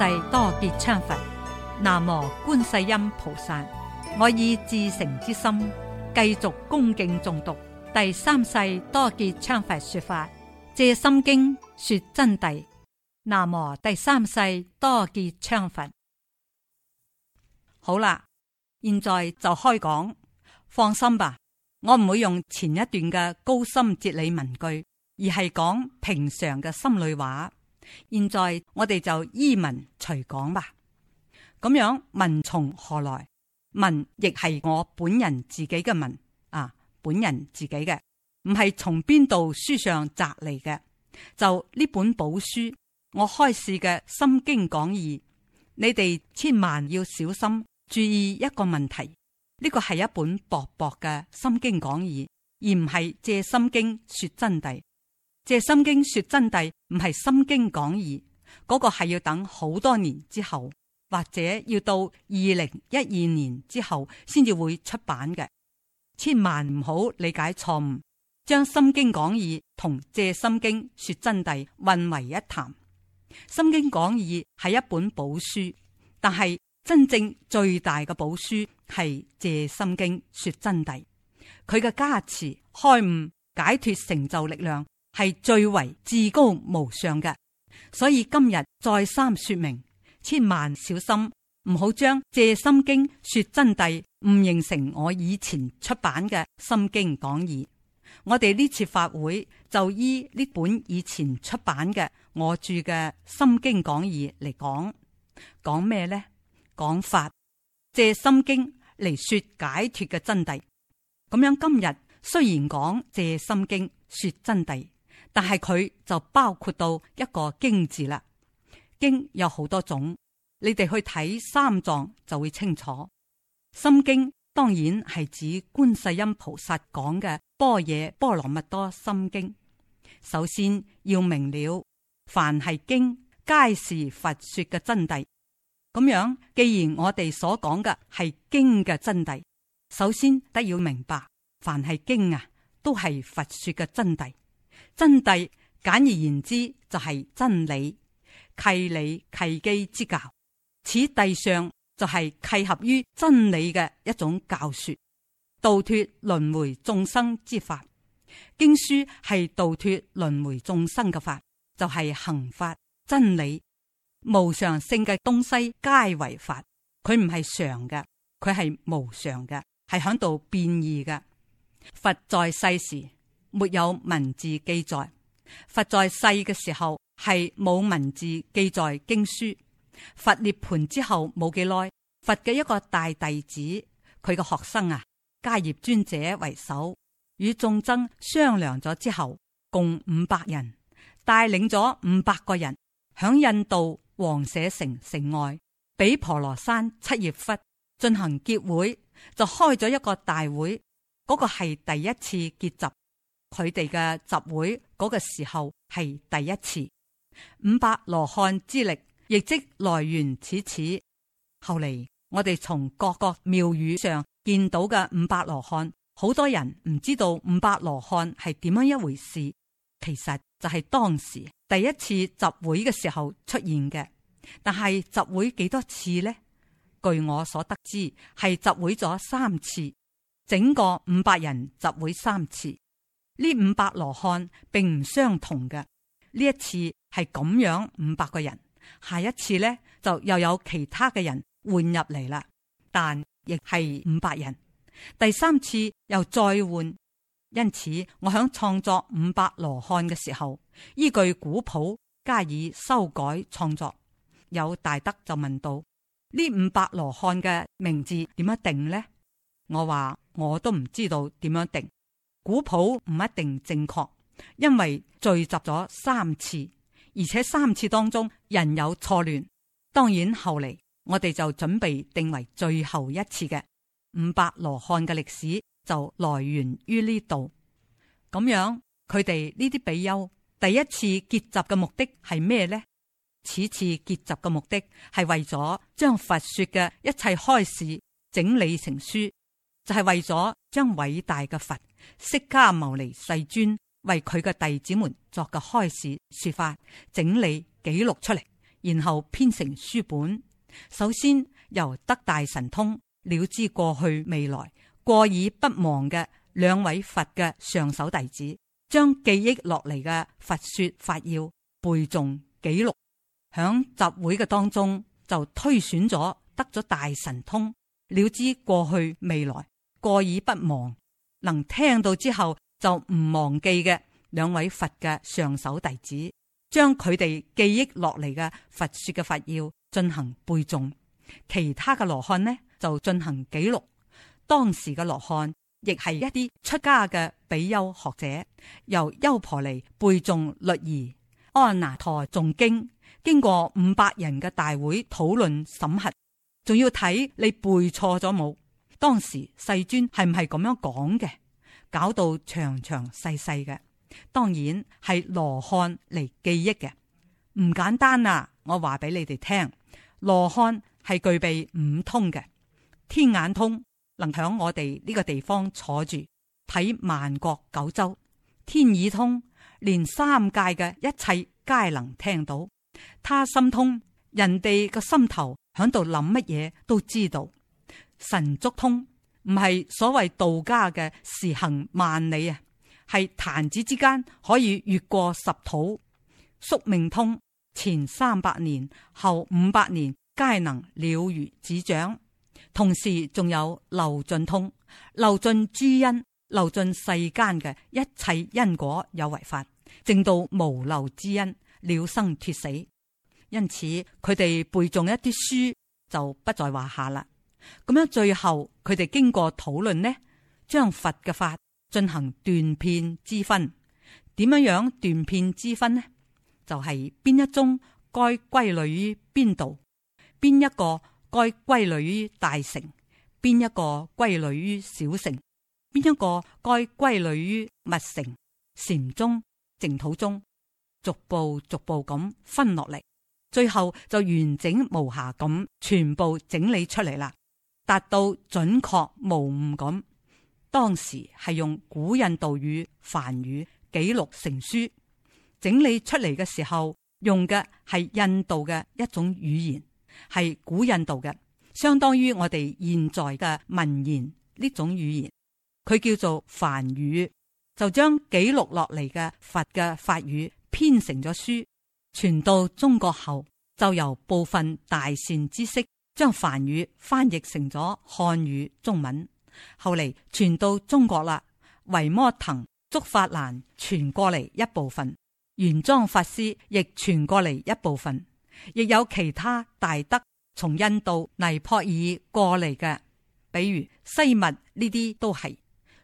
第三世多杰羌佛，南無觀世音菩薩。我以至誠之心，繼續恭敬重讀第三世多杰羌佛說法《藉心經》說真諦，南無第三世多杰羌佛。好啦，現在就開講。放心吧，我唔會用前一段嘅高深哲理文句，而係講平常嘅心裏話。現在我哋就依文隨講吧，咁樣，文從何來？文亦係我本人自己嘅文啊，本人自己嘅，唔係從邊度書上摘嚟嘅。就呢本寶書，我開示嘅《心經講義》，你哋千萬要小心注意一個問題，呢個係一本薄薄嘅《心經講義》，而唔係借《心經》說真諦。借心經說真諦唔係心經講義，嗰個係要等好多年之後，或者要到二零一二年之後先至會出版嘅。千萬唔好理解錯誤，將心經講義同借心經說真諦混為一談。心經講義係一本寶書，但係真正最大嘅寶書係借心經說真諦，佢嘅加持、開悟、解脱、成就力量。係最為至高無上嘅，所以今日再三說明，千萬小心，唔好將《借心經》說真諦誤認成我以前出版嘅《心經講義》。我哋呢次法會就依呢本以前出版嘅我住嘅《心經講義》嚟講，講咩呢？講法《借心經》嚟說解脫嘅真諦。咁樣今日雖然講《借心經》說真諦。但係佢就包括到一個經字啦，經有好多種，你哋去睇三藏就會清楚。心經當然係指觀世音菩薩講嘅《般若波羅蜜多心經》。首先要明了，凡係經皆是佛說嘅真諦。咁樣，既然我哋所講嘅係經嘅真諦，首先得要明白，凡係經啊，都係佛說嘅真諦。真諦簡而言之就係真理，契理契機之教，此諦上就係契合於真理嘅一種教說，度脱輪回眾生之法。經書係度脱輪回眾生嘅法，就係、是、行法真理無常性嘅東西皆為法，佢唔係常嘅，佢係無常嘅，係響度變異嘅。佛在世時，沒有文字記載，佛在世嘅時候係冇文字記載經書。佛涅盤之後冇幾耐，佛嘅一個大弟子，佢個學生啊，迦葉尊者為首，與眾僧商量咗之後，共五百人帶領咗五百個人，響印度王舍城城外，毗婆羅山七葉窟進行結會，就開咗一個大會。嗰、那個係第一次結集。佢哋嘅集會嗰個時候係第一次五百羅漢之力，亦即來源此此。後嚟我哋從各個廟宇上見到嘅五百羅漢，好多人唔知道五百羅漢係點樣一回事。其實就係當時第一次集會嘅時候出現嘅。但係集會幾多次呢？據我所得知，係集會咗三次，整個五百人集會三次。呢五百羅漢並唔相同嘅，呢一次係咁樣五百個人，下一次呢就又有其他嘅人換入嚟啦，但亦係五百人。第三次又再換，因此我響創作五百羅漢嘅時候，依據古譜加以修改創作。有大德就問到：「呢五百羅漢嘅名字點樣定呢？」我話我都唔知道點樣定。古譜唔一定正確，因為聚集咗三次，而且三次當中人有錯亂。當然後嚟我哋就準備定為最後一次嘅五百羅漢嘅歷史就來源於呢度。咁樣佢哋呢啲比丘第一次結集嘅目的係咩呢？此次結集嘅目的係為咗將佛說嘅一切開示整理成書。就係為咗將偉大嘅佛釋迦牟尼世尊為佢嘅弟子們作嘅開始說法整理記錄出嚟，然後編成書本。首先由得大神通了知過去未來、過耳不忘嘅兩位佛嘅上首弟子，將記憶落嚟嘅佛說法要背誦記錄。響集會嘅當中，就推選咗得咗大神通了知過去未來。過耳不忘，能聽到之後就唔忘記嘅兩位佛嘅上首弟子，將佢哋記憶落嚟嘅佛說嘅法要進行背誦。其他嘅羅漢呢，就進行記錄。當時嘅羅漢亦係一啲出家嘅比丘學者，由優婆尼背誦律儀、安那陀誦經，經過五百人嘅大會討論審核，仲要睇你背錯咗冇。當時世尊係唔係咁樣講嘅？搞到長長細細嘅，當然係羅漢嚟記憶嘅，唔簡單啊！我話俾你哋聽，羅漢係具備五通嘅，天眼通能響我哋呢個地方坐住睇萬國九州，天耳通連三界嘅一切皆能聽到，他心通人哋個心頭響度諗乜嘢都知道。神足通唔係所謂道家嘅時行萬里啊，係彈指之間可以越過十土。宿命通前三百年後五百年皆能了如指掌，同時仲有漏盡通，漏盡諸因，漏盡世間嘅一切因果有為法，正到無漏之因，了生脫死。因此佢哋背誦一啲書就不在話下啦。咁樣最後佢哋經過討論呢，將佛嘅法進行斷片之分。點樣樣斷片之分呢？就係邊一宗該歸類於邊度，邊一個該歸類於大乘，邊一個歸類於小乘，邊一個該歸類於密乘、禪宗、淨土宗，逐步逐步咁分落嚟，最後就完整無瑕咁全部整理出嚟啦。達到準確無誤咁，當時係用古印度語梵語記錄成書，整理出嚟嘅時候用嘅係印度嘅一種語言，係古印度嘅，相當於我哋現在嘅文言。呢種語言，佢叫做梵語，就將記錄落嚟嘅佛嘅法語編成咗書，傳到中國後，就由部分大善知識。將梵語翻譯成咗漢語中文，後嚟傳到中國啦。維摩騰、竺法蘭傳過嚟一部分，玄奘法師亦傳過嚟一部分，亦有其他大德從印度、尼泊爾過嚟嘅，比如西密呢啲都係，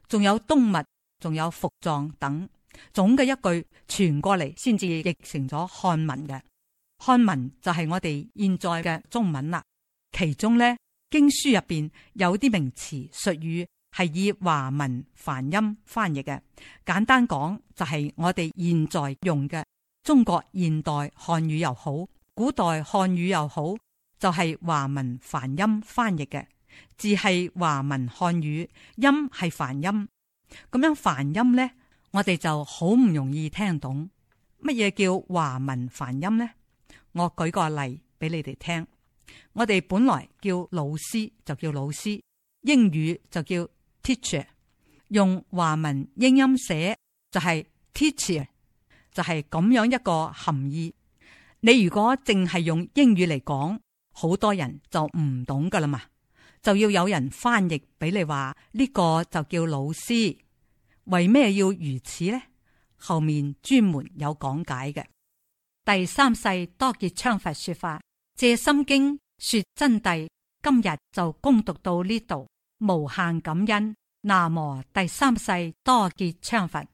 仲有東密，仲有服藏等，總嘅一句傳過嚟先至譯成咗漢文嘅，漢文就係我哋現在嘅中文啦。其中呢，經書入邊有啲名詞術語係以華文梵音翻譯嘅。簡單講，就係我哋現在用嘅中國現代漢語又好，古代漢語又好，就係華文梵音翻譯嘅字係華文漢語，音係梵音。咁樣梵音呢，我哋就好唔容易聽懂。乜嘢叫華文梵音呢？我舉個例俾你哋聽。我哋本來叫老師就叫老師，英語就叫 teacher，用華文英音寫就係、是、teacher，就係咁樣一個含義。你如果淨係用英語嚟講，好多人就唔懂噶啦嘛，就要有人翻譯俾你話呢、這個就叫老師。為咩要如此呢？後面專門有講解嘅。第三世多杰羌佛說法。藉心經說真諦，今日就恭讀到呢度，無限感恩。南無第三世多杰羌佛。